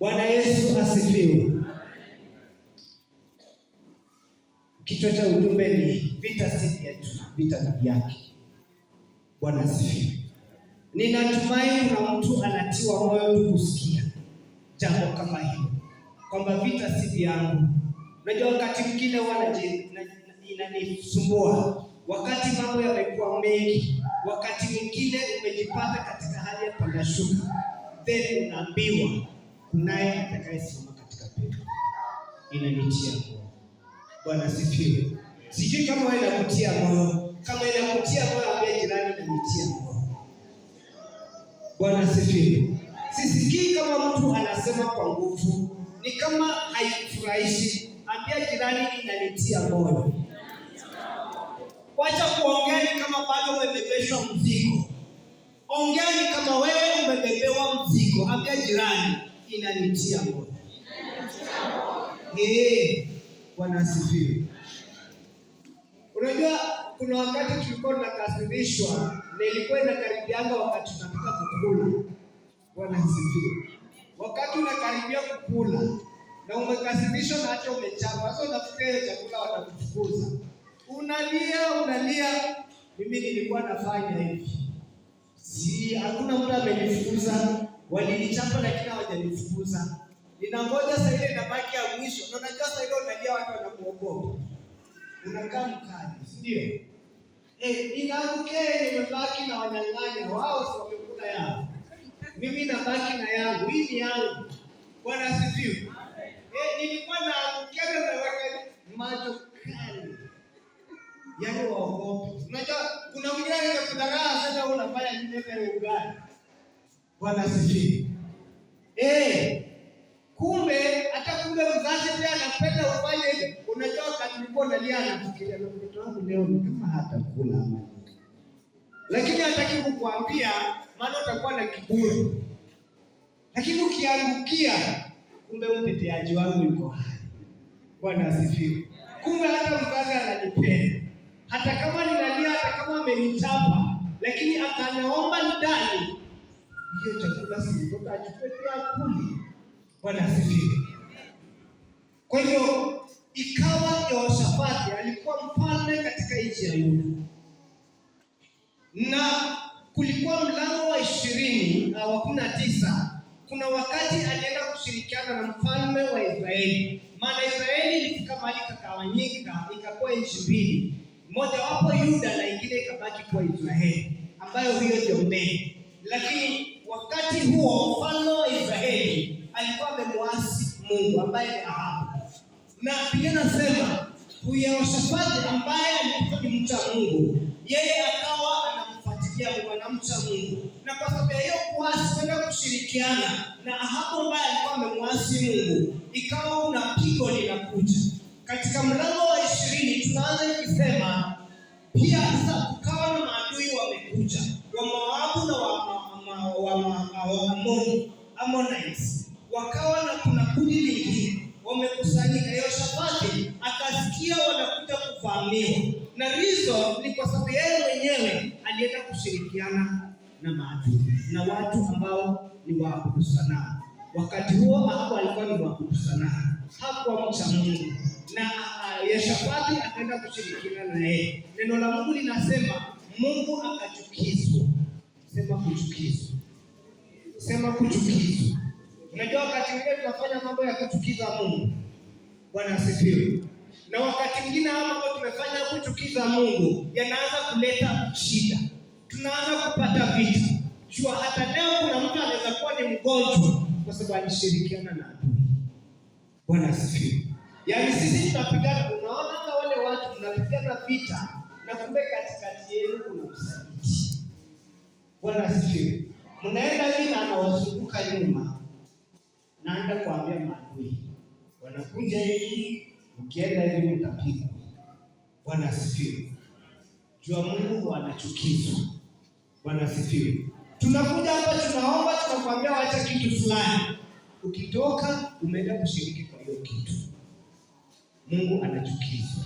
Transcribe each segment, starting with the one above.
Bwana Yesu asifiwe. Kichwa cha ujumbe ni vita si yetu, vita dhidi yake. Bwana asifiwe. Ninatumai kuna mtu anatiwa moyo kusikia jambo kama hilo, kwamba vita si yangu. Unajua, wakati mwingine huwa inanisumbua wakati mambo yamekuwa mengi, wakati mwingine umejipata katika hali ya pandashuka, then unaambiwa naye atakayesimama katika pepo. Inanitia moyo. Bwana sifiwe. Sijui kama wewe inakutia moyo, kama inakutia moyo ambia jirani, inanitia moyo. Bwana sifiwe. Sisikii kama mtu anasema kwa nguvu, ni kama haifurahishi. Ambia jirani, inanitia moyo. Wacha kuongea ni kama bado umebebeshwa mzigo. Ongea ni kama wewe umebebewa mzigo. Ambia jirani inanitia moyo. Eh, Bwana asifiwe. Unajua kuna wakati tulikuwa tunakasirishwa na ilikuwa inakaribianga wakati tunataka kukula. Bwana asifiwe. Wakati unakaribia kukula na umekasirishwa na hata umechapa, sasa unafikiria chakula watakufukuza. Unalia, unalia, mimi nilikuwa nafanya hivi. Si hakuna mtu amenifukuza walinichapa lakini hawajanifukuza. Ninangoja saa ile inabaki ya mwisho, na unajua saa ile unajua watu wanakuogopa, unakaa mkali, si ndio? Eh, inaamke nimebaki na wanyang'anya wao, si wamekula yao, mimi nabaki na yangu, hii ni yangu. Bwana asifiwe. Eh, nilikuwa na mkera na wakati macho kali, yaani waogope. Unajua kuna mwingine anayekudharaa sasa, unafanya nini? Wewe ugani Bwana asifiwe. Eh, kumbe hata kumbe mzazi pia anapenda ufanye hivi. Unajua wakati nilikuwa nalia nafikiria na mtoto wangu leo ni kama hatakula ama. Lakini hataki kukuambia maana utakuwa na kiburi. Lakini ukiangukia kumbe mteteaji wangu yuko hai. Bwana asifiwe. Kumbe hata mzazi ananipenda. Hata kama ninalia, hata kama amenitapa lakini akanaomba ndani hiyo chakula silitoka achukue kuli. Bwana asifiwe. Kwa hivyo ikawa Yehoshafati alikuwa mfalme katika nchi ya Yuda, na kulikuwa mlango wa ishirini ah, wa kumi na tisa kuna wakati alienda kushirikiana na mfalme wa Israeli, maana Israeli ilifika mahali kakawanyika, ikakuwa nchi mbili, mojawapo Yuda na ingine ikabaki kuwa Israeli, ambayo hiyo ndio mbele, lakini Wakati huo mfalme wa Israeli alikuwa amemwasi Mungu ambaye ni Ahabu, na pia nasema Yehoshafati ambaye alikuwa ni mcha Mungu, yeye akawa anamfuatilia anamcha Mungu, na kwa sababu ya hiyo kuasi kwenda kushirikiana na Ahabu ambaye alikuwa amemwasi Mungu, ikawa una pigo linakuja katika mlango wa ishirini tunaanza ikisema, pia sasa kukawa na maadui wamekuja wa Moabu na wa Waamoni Ammonites, wakawa na kuna kundi lingine wamekusanyika. Yehoshafati akasikia wanakuja kuvamiwa, na hizo ni kwa sababu yeye mwenyewe alienda kushirikiana na maadui na watu ambao ni waabudu sanamu. Wakati huo hapo alikuwa ni waabudu sanamu, hakuwa mcha Mungu na uh, Yehoshafati akaenda kushirikiana na yeye. Neno la Mungu linasema Mungu akachukizwa, sema kuchukizwa sema kuchukizwa. Unajua wakati mwingine tunafanya mambo ya kuchukiza Mungu. Bwana asifiwe. Na wakati mwingine haya mambo tumefanya kuchukiza Mungu yanaanza kuleta shida, tunaanza kupata vita. Jua hata leo kuna mtu anaweza kuwa ni mgonjwa kwa sababu alishirikiana na adui. Bwana asifiwe. Yaani sisi tunapigana, unaona hata wale watu tunapigana vita na kumbe katikati yenu kuna msaliti. Bwana asifiwe mnaenda na anawazunguka nyuma, naenda kuambia maadui wanakuja hivi, ukienda hivi mtapigwa. Bwana asifiwe. Jua Mungu anachukizwa. Bwana asifiwe. Tunakuja hapa tunaomba, tunakuambia wacha kitu fulani, ukitoka umeenda kushiriki kwa hiyo kitu. Mungu anachukizwa.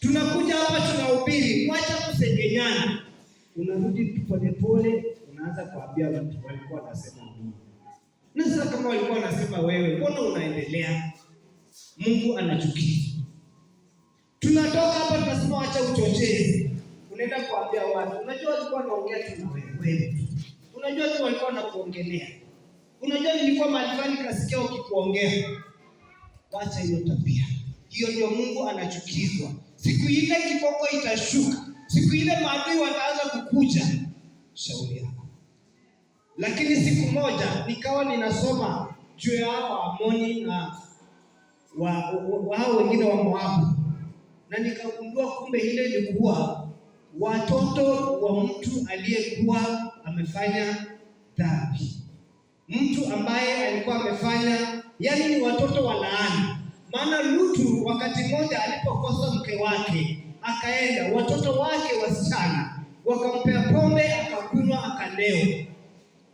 Tunakuja hapa tunahubiri, wacha kusengenyana, unarudi polepole unaanza kuambia watu walikuwa wanasema nini? Na sasa kama walikuwa wanasema wewe, mbona unaendelea? Mungu anachukia. Tunatoka hapa tunasema acha uchochezi, unaenda kuambia watu, unajua walikuwa wanaongea tu na wewe, unajua tu walikuwa wanakuongelea, unajua nilikuwa mahali fulani kasikia ukikuongea. Wacha hiyo tabia, hiyo ndio Mungu anachukizwa. Siku ile kiboko itashuka, siku ile maadui wataanza kukuja. Shauri yako. Lakini siku moja nikawa ninasoma juu ya hao Waamoni na hao wengine wa Moabu, na nikagundua kumbe ile ilikuwa watoto wa mtu aliyekuwa amefanya dhambi, mtu ambaye alikuwa amefanya, yaani ni watoto wa laana. Maana Lutu wakati mmoja alipokosa mke wake, akaenda watoto wake wasichana wakampea pombe, akakunywa, akalewa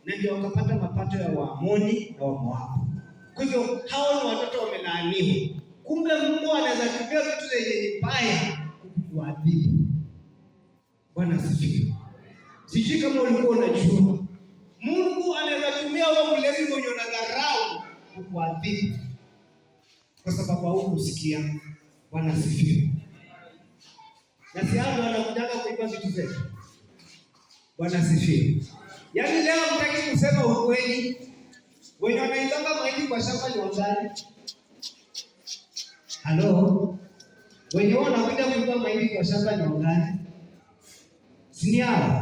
na ndio wakapata mapato ya Waamoni na Wamoabu. Kwa hivyo hao ni watoto wamelaaniwa. Kumbe Mungu anaweza kutumia vitu zenye mbaya kukuadhibu. Bwana asifiwe. Sijui kama ulikuwa unajua, Mungu anaweza tumia wewe mlezi mwenye dharau kukuadhibu kwa sababu haukusikia. Bwana asifiwe. Na si hao wanakujaga kuiba vitu zetu. Bwana asifiwe. Yaani leo mtaki kusema ukweli. Wenye wanaitanga maiti kwa shamba ni wazali. Halo. Wenye wanakuja kuiba maiti kwa shamba ni wazali. Sinia.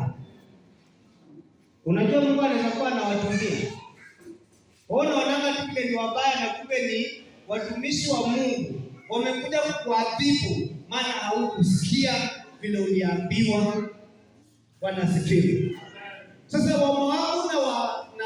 Unajua Mungu anaweza kuwa anawatumia. Ona wanaanga kumbe ni wabaya na kumbe ni watumishi wa Mungu. Wamekuja kukuadhibu maana haukusikia vile uliambiwa. Bwana asifiwe. Sasa Wamoabu na wa na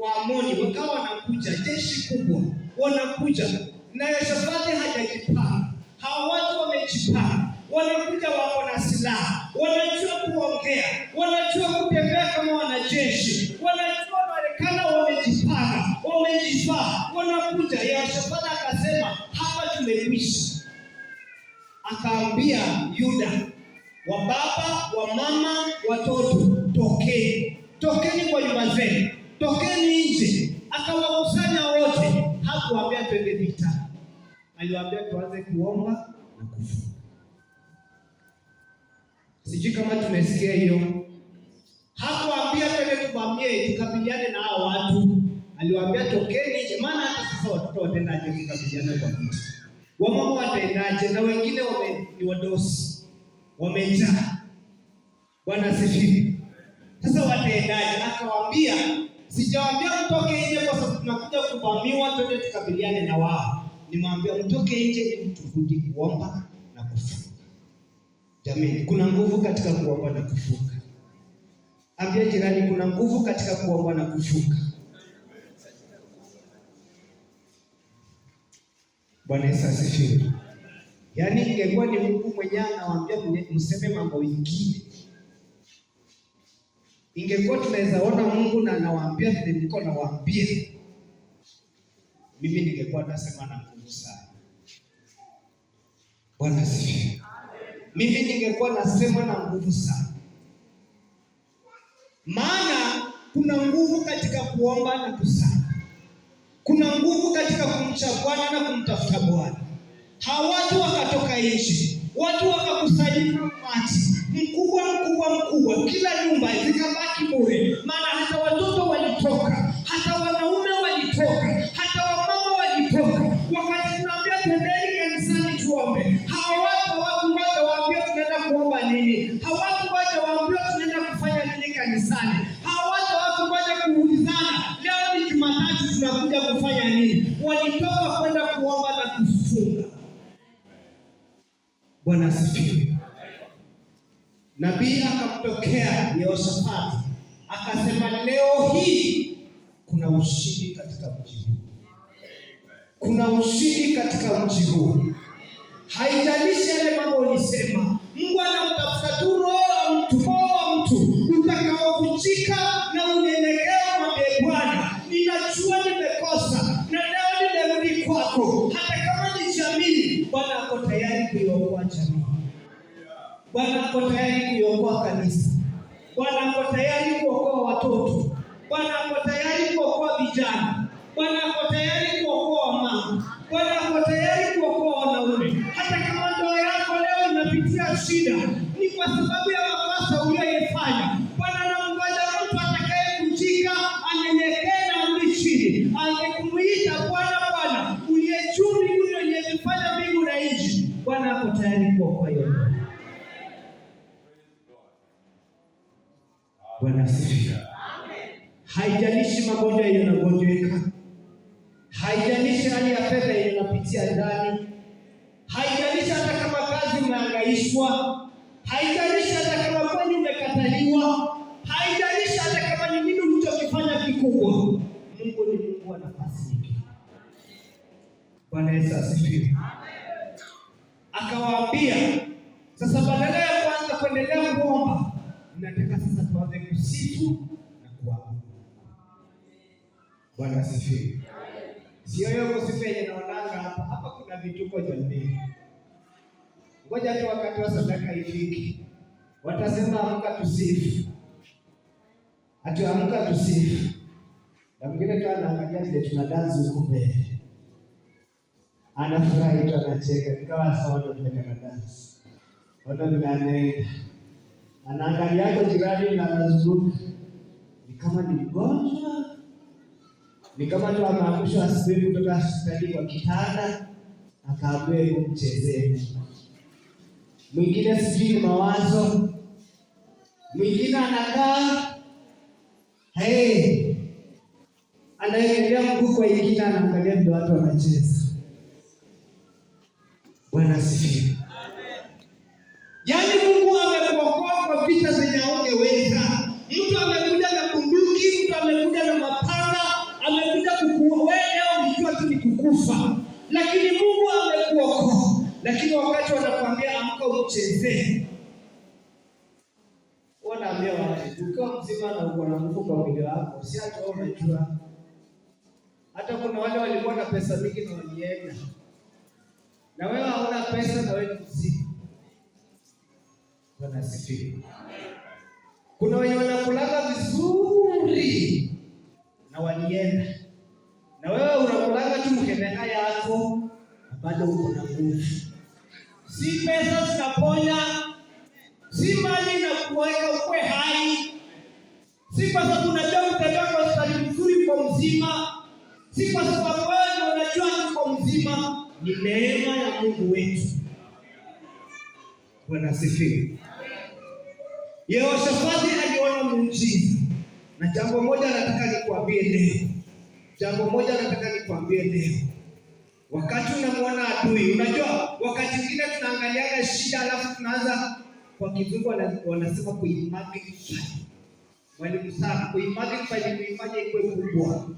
Waamoni wakawa wanakuja, jeshi kubwa wanakuja, na Yehoshafati hajajipanga, hawa watu wamejipanga, wanakuja, wako na silaha, wanajua kuongea, wanajua kutembea kama wanajeshi, wanajua Marekani wamejipanga, wamejivaa, wanakuja. Yehoshafati akasema hapa tumekwisha, akaambia Yuda wa baba wa mama wazee, tokeni nje. Akawakusanya wote, hakuwaambia twende vita, aliwaambia tuanze kuomba na kufunga. Sijui kama tumesikia hiyo. Hakuwaambia twende tuvamie, tukabiliane na hao watu, aliwaambia tokeni nje, maana hata sasa watoto watendaje kukabiliana kwa mtu Wamama watendaje? Na wengine wame, ni wadosi wamejaa. Bwana asifiwe. Sasa watendaji, akawaambia sijawaambia mtoke nje kwa sababu tunakuja kuvamiwa, twende tukabiliane na wao. Nimwambia mtoke nje ili turudi kuomba na kufunga. Jamani, kuna nguvu katika kuomba na kufunga. Ambia jirani, kuna nguvu katika kuomba na kufunga. Bwana Yesu asifiwe. Yaani ingekuwa ni Mungu mwenyewe anawaambia mseme mambo mengine ingekuwa tunaweza ona Mungu na anawaambia vile niko nawaambia, mimi ningekuwa nasema na nguvu sana. Bwana asifiwe. Mimi ningekuwa nasema na nguvu sana, maana kuna nguvu katika kuomba na kusali, kuna nguvu katika kumcha Bwana na kumtafuta Bwana. Hawatu wakatoka nchi, watu wakakusanyika maji mkubwa mkubwa mkubwa, kila nyumba zikabaki bure, maana hata watoto walitoka, hata wanaume walitoka, hata wamama walitoka. Wakati tunaambia tendeni kanisani tuombe, hawa watu moja waambia tunaenda kuomba nini, Hawatu moja waambia tunaenda kufanya nini kanisani, hawapo watu moja kuulizana leo ni Jumatatu tunakuja kufanya nini. Walitoka kwenda kuomba na kufunga. Bwana asifiwe. Nabii akamtokea Yehoshafati akasema, leo hii kuna ushindi katika mji huu, kuna ushindi katika mji huu. Haijalishi yale mambo ulisema, Mungu anamtafuta tu roho Bwana ako tayari kuiokoa kanisa. Bwana ako tayari kuokoa watoto. Bwana ako tayari kuokoa vijana. Bwana ako tayari kuokoa mama. Bwana ako tayari kuokoa wanaume. Hata kama ndoa yako leo inapitia shida, ni kwa sababu ya makosa ulio magonjwa yenye unagonjeka, haijalishi hali ya fedha yenye unapitia ndani, haijalishi hata kama kazi umehangaishwa, haijalishi hata kama kweli umekataliwa, haijalishi hata kama ni nini ulichokifanya kikubwa, Mungu ni Mungu wa nafasi Bwana Yesu asifiwe. Akawaambia sasa, badala ya kuanza kuendelea kuomba, nataka sasa tuanze kusifu Bwana asifiwe. Sio yeye kusifia, naonanga hapa hapa kuna vituko jamii. Ngoja tu wakati wa sadaka ifiki, watasema amka tusifu, ati amka tusifu, na mwingine tu anaangalia vile tuna dance huko mbele, anafurahi tu, anacheka nikawa sawa, tunataka dansi watu tunaenda, anaangalia kwa jirani na anazunguka ni kama ni mgonjwa Nikamatwa akaamshwa asubuhi kutoka hospitali kwa kitanda, akaambiwa hebu mchezee. Mwingine sijui ni mawazo, mwingine anakaa hey, anaendelea mguu kwa ingine, anaangalia ndio watu wanacheza. Bwana asifiwe. Yaani Mungu amekuokoa kwa vita lakini Mungu amekuokoa. Lakini wakati wanakwambia amka ucheze, wanaambia watu, ukiwa mzima na uko na nguvu kwa mwili wako, si hata wao unajua. Hata kuna wale walikuwa na pesa mingi na walienda, na wewe hauna pesa na wewe mzima. Bwana asifiwe. Kuna wenye wanakulaga vizuri na walienda na wewe unaonaga tu mkemea yako bado uko na nguvu. Si pesa zinaponya, si mali kuweka ukwe hai, si kwa sababu unajua utataka hospitali mzuri kwa mzima, si kwa sababu wewe unajua kwa mzima, ni neema ya Mungu wetu. Bwana asifiwe. Yehoshafati aliona muujiza, na jambo moja nataka nikuambie leo Jambo moja nataka nikwambie leo, wakati unamwona adui, unajua wakati mwingine tunaangaliana shida alafu tunaanza kwa kizungu wanasema kuimagify. Mwalimu sana, kuimagify ni kuifanya ikuwe kubwa,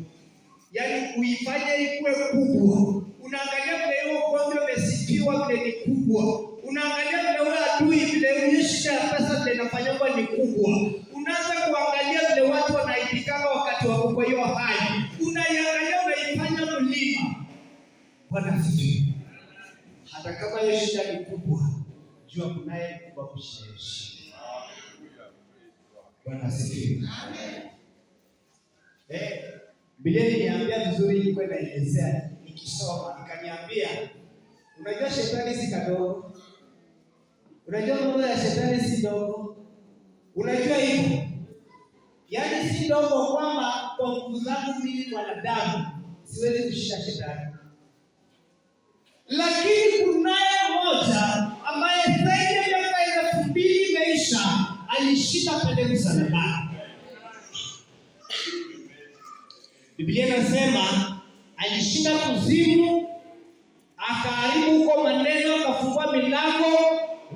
yaani kuifanya ikuwe kubwa. Unaangalia vile hiyo ugonjwa umesikiwa vile ni kubwa, unaangalia vile ule adui vile hiyo shida ya pesa vile inafanywa ni kubwa Bwana asifiwe. Hata kama hiyo shida ni kubwa, jua kunaye mkubwa kushinda hiyo Bwana asifiwe. Amen. Eh, Biblia iliniambia vizuri, ilikuwa inaelezea nikisoma, nikaniambia unajua, shetani si kadogo, unajua mambo ya shetani si dogo, unajua hivyo yaani si dogo, kwamba kwa nguvu zangu mimi mwanadamu siwezi kushinda shetani lakini kunaye moja ambaye zaidi ya miaka elfu mbili imeisha alishinda pale msalabani. Biblia inasema alishinda kuzimu, akaharibu huko maneno, akafungua milango.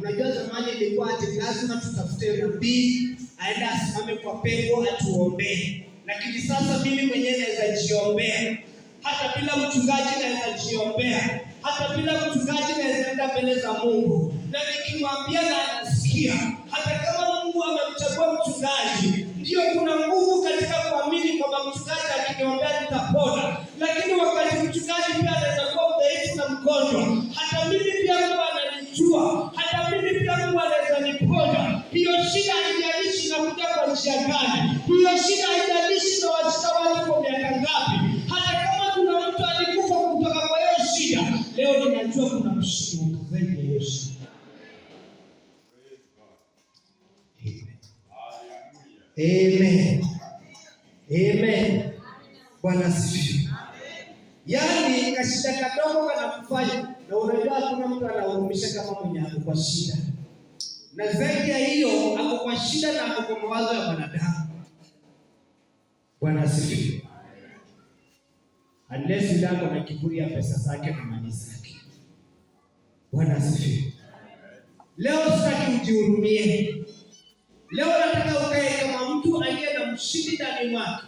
Unajua zamani ilikuwa ati lazima tutafute nabii aende asimame kwa pengo atuombee, lakini sasa mimi mwenyewe naweza jiombea, hata bila mchungaji naweza jiombea hata bila mchungaji naweza mbele za Mungu, na nikimwambia na anasikia. Hata kama Mungu amemchagua mchungaji, ndiyo kuna nguvu katika kuamini kwamba mchungaji akiniombea nitapona, lakini Bwana asifiwe. Yaani kashida kadogo kanakufanya na unajua hakuna mtu anahurumisha kama mwenye ako kwa shida, na zaidi ya hiyo ako kwa shida na ako kwa mawazo ya wanadamu. Bwana asifiwe. Unless ndako na kiburi ya pesa zake na mali zake. Bwana asifiwe. Leo sitaki ujihurumie. Leo nataka ukae kama mtu aliye na mshindi ndani mwake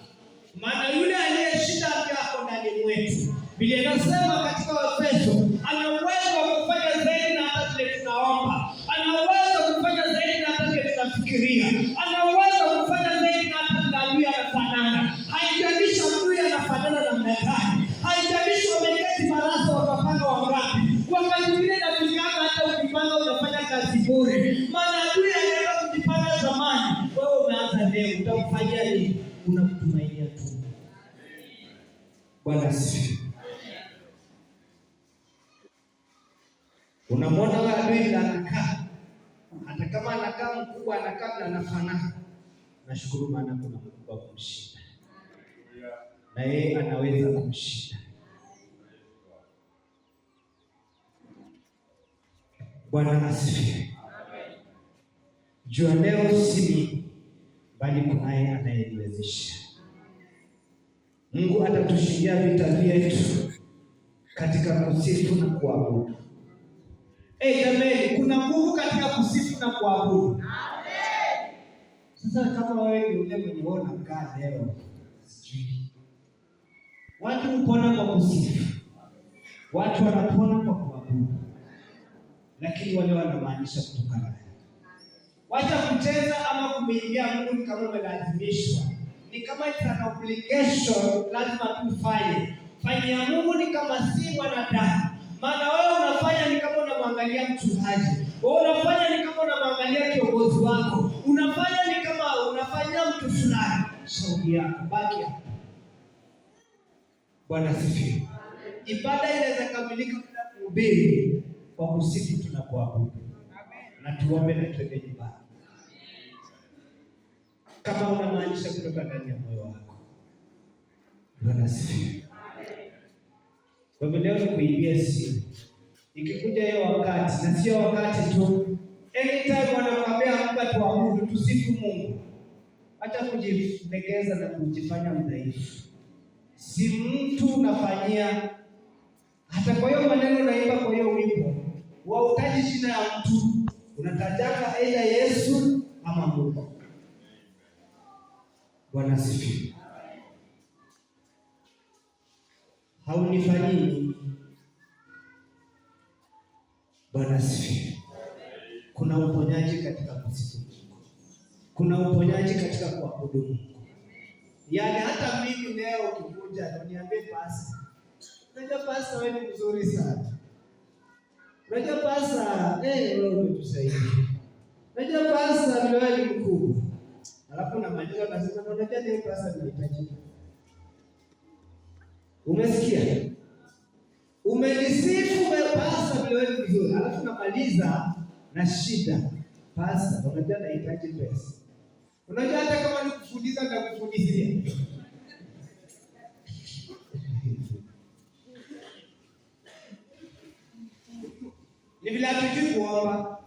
maana yule aliyeshinda vyako ndani mwetu, vile nasema katika Waefeso, ana uwezo wa kufanya zaidi na hata vile tunaomba, ana uwezo wa kufanya zaidi na hata vile tunafikiria. Bwana asifiwe. Unamwona wewe adui anakaa, hata kama anakaa mkubwa, anakaa na anafanana. Nashukuru maana kuna Mungu wa kumshinda, na yeye anaweza kumshinda. Bwana asifiwe. Jua leo si mimi, bali kunaye anayeniwezesha. Mungu atatushindia vita vyetu katika kusifu na kuabudu. Hey, jamani, kuna nguvu katika kusifu na kuabudu. Amen. Sasa kama wewe ni yule mwenye leo, watu hupona kwa kusifu, watu wanapona kwa kuabudu, lakini wale wanamaanisha kutoka naye, wacha kucheza ama kumwimbia Mungu kama umelazimishwa ni kama it's an obligation, lazima tufanye. Faini ya Mungu ni kama si mwanadamu, maana wewe unafanya ni kama unamwangalia mchungaji, wewe unafanya ni kama unamwangalia kiongozi wako, unafanya ni kama unafanya mtu fulani. Shauri yako baki. Bwana asifiwe. Ibada inaweza kamilika bila kuhubiri, kwa kusifu tunapoabudu. Amen. Na tuombe na tuende nyumbani kama unamaanisha kutoka ndani ya moyo wako. Bwana asifiwe. Kwa hivyo leo nikuibia simu, ikikuja hiyo wakati, na sio wakati tu, anytime wanakwambia hapa tuabudu, tusifu Mungu, hata kujilegeza na kujifanya mdhaifu, si mtu unafanyia hata kwa hiyo maneno unaimba, kwa hiyo wimbo wautaji jina ya mtu unatajaka aidha Yesu ama Mungu. Bwana asifiwe. Haunifanyii. Bwana Kuna uponyaji katika kusifu Mungu, kuna uponyaji katika kuabudu Mungu. Yaani hata mimi leo ukikuja uniambie pasa, unajua pasa wewe ni mzuri sana, unajua pasa eh, wewe umetusaidia, unajua pasa ndio wewe ni mkubwa alafu namaliza nasema naonekana hiyo pesa inahitajika. Umesikia? Umelisifu pesa milioni vizuri, alafu namaliza na shida. Pesa unajua nahitaji pesa, unajua hata kama na nitakufundishia ni vile hatujui kuomba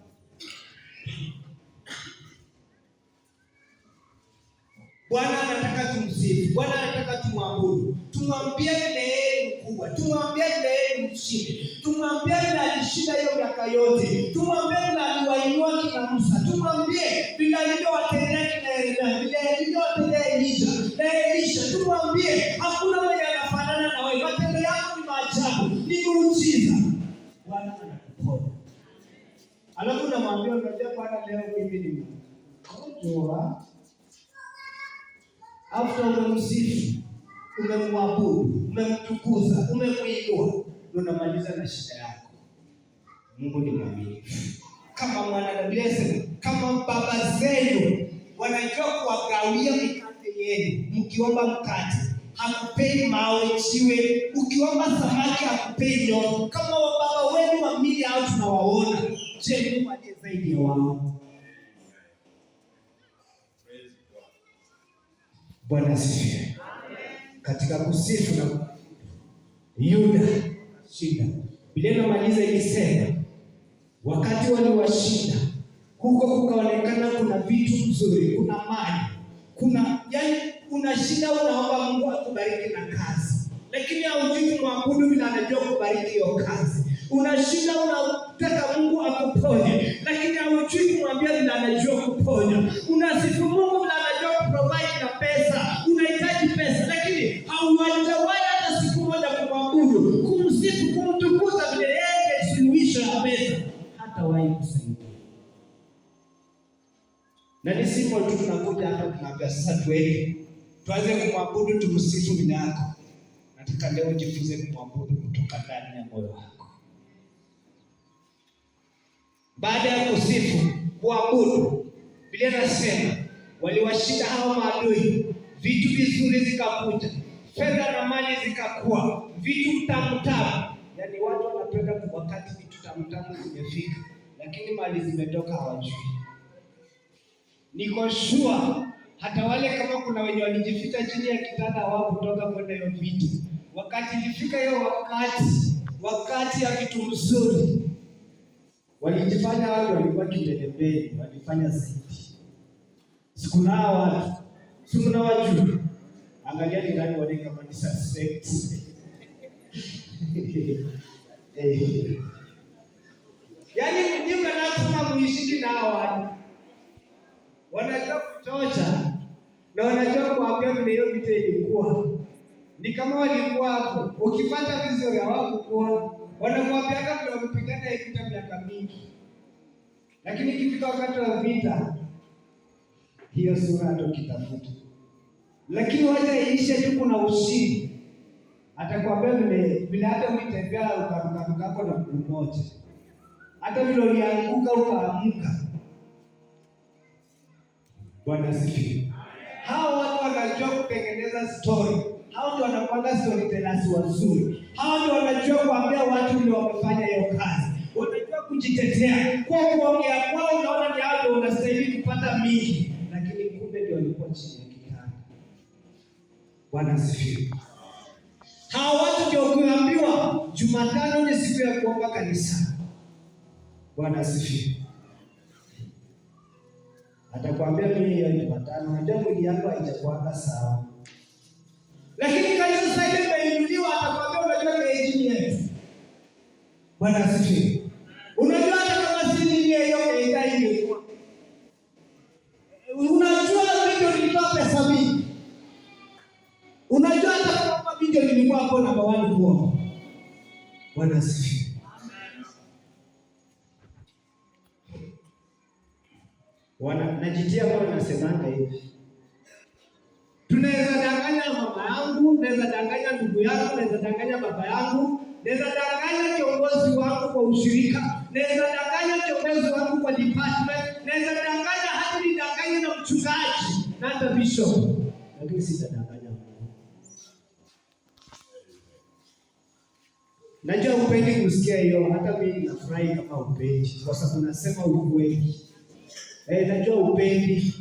Bwana anataka tumsifu, Bwana anataka tumwabudu, tumwambie na yeye mkubwa, tumwambie na yeye mshindi, tumwambie na alishinda hiyo miaka yote, tumwambie na aliwainua kina Musa, tumwambie bila alivyowatendea kina Yeremia, bila alivyowatendea Elisha na Elisha, tumwambie hakuna mwenye anafanana na wewe, matendo yako ni maajabu, ni muujiza. Bwana anakuponya, alafu namwambia unajua, Bwana leo mimi ni mgonjwa after umemsifu, umemwabudu, umemtukuza, umemwinua, ndio unamaliza na shida yako. Mungu ni mwaminifu. Kama mwanadamu kama baba zenu wanajua kuwagawia mikate yenu, mkiomba mkate hakupei mawe chiwe, ukiomba samaki hakupei nyongo. Kama wababa wenu wa mili au tunawaona, je, Mungu aliye zaidi ya wao Bwana asifiwe. Katika kusifu na Yuda shida, Biblia inamaliza ikisema, wakati waliwashinda huko, kukaonekana kuna vitu vizuri, kuna mali, kuna yani, kuna shida, unaomba Mungu akubariki na kazi, lakini haujui mwabudu bila anajua kubariki hiyo kazi. Una shida, unataka Mungu akuponye, lakini haujui kumwambia bila anajua kuponya. Unasifu Na ni simple tu tunakuja hapa tunaambia sasa tuende. Tuanze kumwabudu tumsifu jina lako. Nataka leo jifunze kumwabudu kutoka ndani ya moyo wako. Baada ya kusifu, kuabudu, Biblia nasema waliwashinda hao maadui, vitu vizuri zikakuja, fedha na mali zikakuwa, vitu tamu Yaani watu wanapenda wakati vitu tamu zimefika, lakini mali zimetoka hawajui. Niko sure hata wale kama kuna wenye walijificha chini ya kitanda hawakutoka kwenda hiyo vitu. Wakati ilifika hiyo wakati, wakati ya vitu mzuri, walijifanya wale walikuwa kilelembeni, walifanya zaidi. Sikuna watu, sikuna watu. Angalia ni nani wale kama ni suspect. Eh. Yaani, mjinga lazima muishiki na watu wanajua kuchosha na wanajua kuambia vile hiyo vita ilikuwa ni kama walikuwa hapo. Ukipata vizuri hawakukuona, wanakuambiaga vile wamepigana ikita miaka mingi, lakini ikifika wakati wa vita hiyo sura hata kitafuta. lakini wacha iishe tu, kuna ushindi atakwambia vile vile, hata ukitembea ukarukaruka hapo na mguu mmoja, hata vile ulianguka ukaamka Bwana sifi. Hao watu wanajua kutengeneza story. Hao ndio wanakuanga storytellers wazuri. Hao ndio wanajua kuambia watu ndio wamefanya hiyo kazi. Wanajua kujitetea. Kwa kuongea kwao unaona ni hapo unastahili kupata mingi, lakini kumbe ndio walikuwa chini ya kitanda. Bwana sifi. Hao watu ndio kuambiwa Jumatano ni siku ya kuomba kanisa. Bwana sifi atakwambia mimi hiyo Jumatano najua mwili yangu haijakuanga sawa, lakini kanisa sasa imeinuliwa, atakwambia unajua ni engineers. Bwana asifiwe. Unajua hata kama si mimi hiyo kaita hiyo, unajua video nilitoa pesa mingi, unajua hata kama video nilikuwa hapo namba 1 kwa Bwana asifiwe. najitia kwa nasemanga hivi, tunaweza danganya mama yangu, naweza danganya ndugu yangu, naweza danganya baba yangu, naweza danganya kiongozi wangu kwa ushirika, naweza danganya kiongozi wangu kwa department, naweza danganya hadi nidanganye na mchungaji na hata bishop, lakini sitadanganya Mungu. Najua upendi kusikia hiyo, hata mimi nafurahi kama upendi, kwa sababu nasema ukweli. Eh, najua upendi.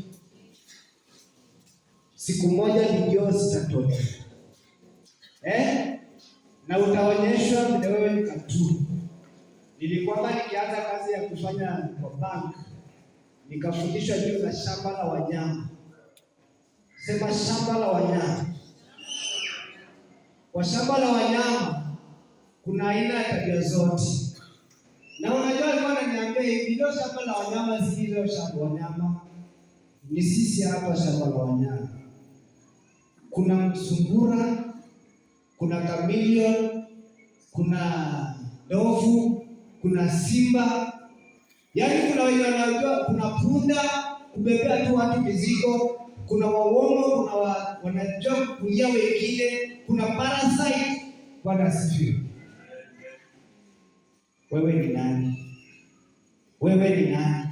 Siku moja video zitatoka. Eh? Na utaonyeshwa vile wewe ni katu. Nilikuwa nikianza kazi ya kufanya kwa bank, nikafundishwa juu na shamba la wanyama. Sema shamba la wanyama. Kwa shamba la wanyama kuna aina ya tabia zote. Na unajua alikuwa ananiambia hivi, ndio shamba la wanyama, si hilo shamba la wanyama, ni sisi hapa shamba la wanyama. Kuna msungura, kuna kamilion, kuna ndovu, kuna simba, yaani kuna wenye wanajua, kuna punda kubebea tu watu mizigo, kuna wawongo, kuna wanajua kulia wengine, kuna parasite. Bwana asifiwe. Wewe ni nani? Wewe ni nani?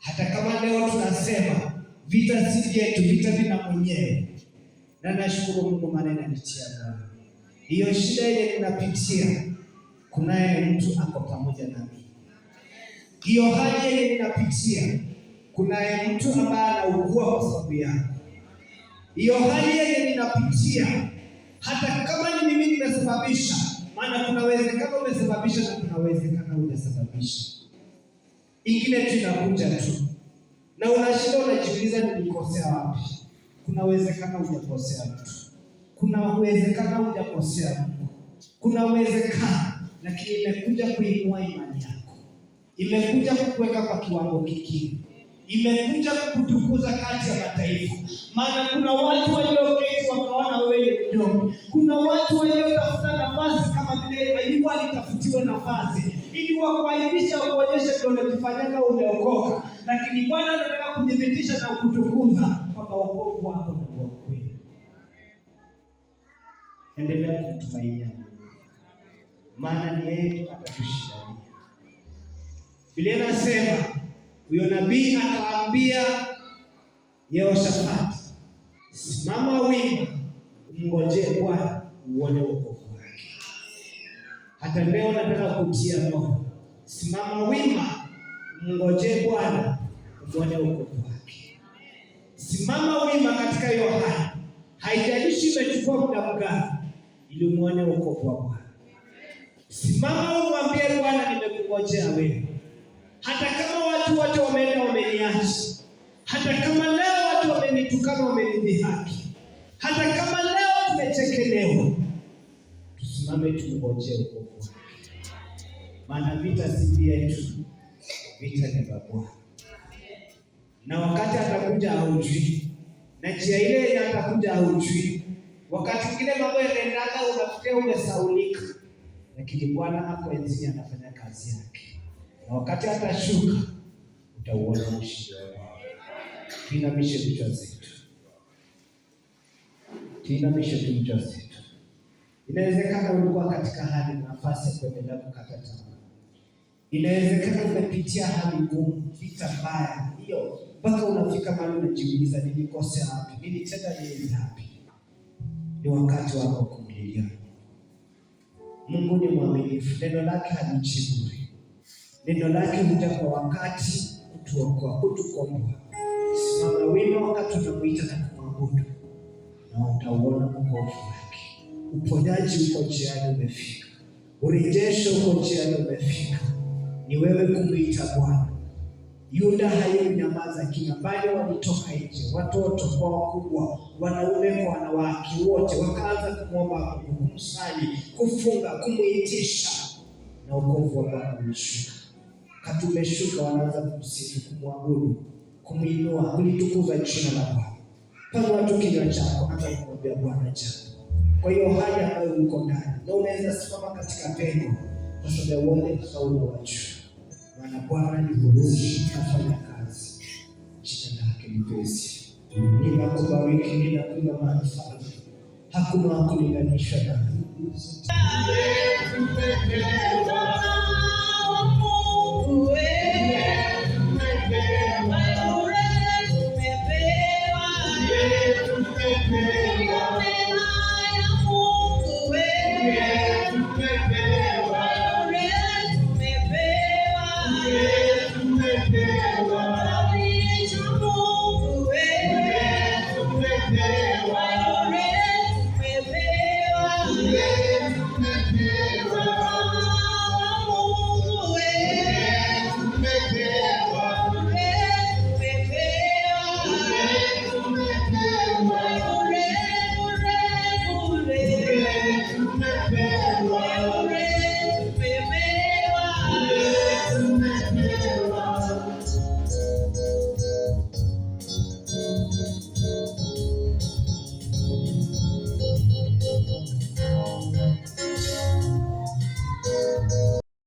Hata kama leo tunasema vita si vyetu, vita vina mwenyewe, na nashukuru Mungu maneno yanitia ndani Hiyo shida ile ninapitia, kunaye mtu ako pamoja nami. Hiyo hali ile ninapitia, kunaye mtu ambaye anaugua kwa sababu yangu. Hiyo hali ile ninapitia, hata kama ni mimi nimesababisha maana kunawezekana umesababisha na kunawezekana hujasababisha. Ingine tu inakuja tu na unashinda unajiuliza, nilikosea wapi? Kunawezekana hujakosea mtu, kunawezekana hujakosea Mungu, kunawezekana lakini imekuja kuinua imani yako, imekuja kukuweka kwa kiwango kingine, imekuja kukutukuza kati ya mataifa, maana kuna watu walio ukaona wewe ni mdogo. Kuna watu waliotafuta nafasi kama vile Ayubu alitafutiwa nafasi ili wakuaibisha, kuonyesha ndio unajifanyanga umeokoka, lakini Bwana anataka kudhibitisha na kutukuza kwamba wokovu wako ni wa kweli. Endelea kumtumainia maana ni yeye atatushikilia. Biblia inasema huyo nabii akaambia Yehoshafati Simama wima, mngojee Bwana uone wokovu wake. Hata leo nataka kutia moyo, simama wima, mngojee Bwana uone wokovu wake. Simama wima katika hiyo hali, haijalishi imechukua muda mgani, ili muone wokovu wa Bwana. Simama umwambie Bwana, nimekungojea wewe, hata kama watu wote wameenda wameniacha, hata kama leo leo wamenitukana, wamenidhihaki, hata kama leo tumechekelewa, tusimame tumngojee ukovu wake, maana vita si yetu, vita ni vya Bwana, na wakati atakuja haujui, na njia ile ile atakuja haujui. Wakati kile mambo yanaendaga, unafikia umesaulika, lakini Bwana hapo enzini anafanya kazi yake, na wakati atashuka utauona ushindi tuinamishe vichwa zetu, tuinamishe vichwa zetu. Inawezekana ulikuwa katika hali nafasi ya kuendelea kukata tamaa, inawezekana umepitia hali ngumu, vita mbaya, hiyo mpaka unafika mahali unajiuliza, nilikosea wapi? Nilitenda nini wapi? Ni wakati wako kumlilia Mungu. Ni mwaminifu, neno lake halichiburi, neno lake huja kwa wakati kutuokoa, kutukomboa kusimama na wema wakati unamuita na kumwabudu, na utauona ukovu wake. Uponyaji uko njiani umefika, urejesho uko njiani umefika. Ni wewe kumwita Bwana. Yuda hayenyamaza kina bali walitoka nje, watoto kwa wakubwa, wanaume kwa wanawake, wote wakaanza kumwomba Mungu, kumsali, kufunga, kumwitisha, na ukovu wa Bwana umeshuka. Wakati wanaanza kumsifu, kumwabudu kumwinua, kulitukuza jina la Bwana. Panua tu kinywa chako, hata kumwambia Bwana jambo. Kwa hiyo hali ambayo uko ndani, na unaweza simama katika pendo kwa sababu wote tutaona wa juu. Maana Bwana ni mwenye kufanya kazi, jina lake ni pesi. Ninakubariki, ninakupa maarifa, hakuna kulinganisha na